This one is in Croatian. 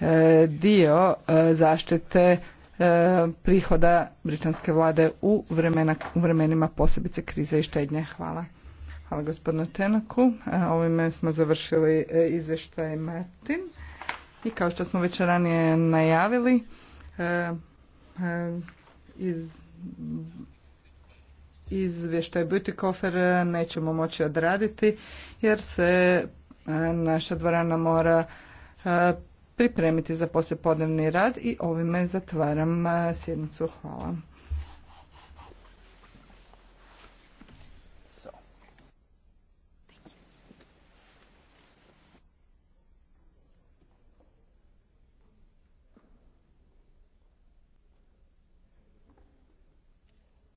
E, dio e, zaštite e, prihoda britanske vlade u, vremenima posebice krize i štednje. Hvala. Hvala gospodinu Tenaku. Ovime smo završili izvještaj Martin. I kao što smo već ranije najavili, izvještaj izvještaj Butikofer nećemo moći odraditi jer se naša dvorana mora pripremiti za poslijepodnevni rad i ovime zatvaram sjednicu. Hvala.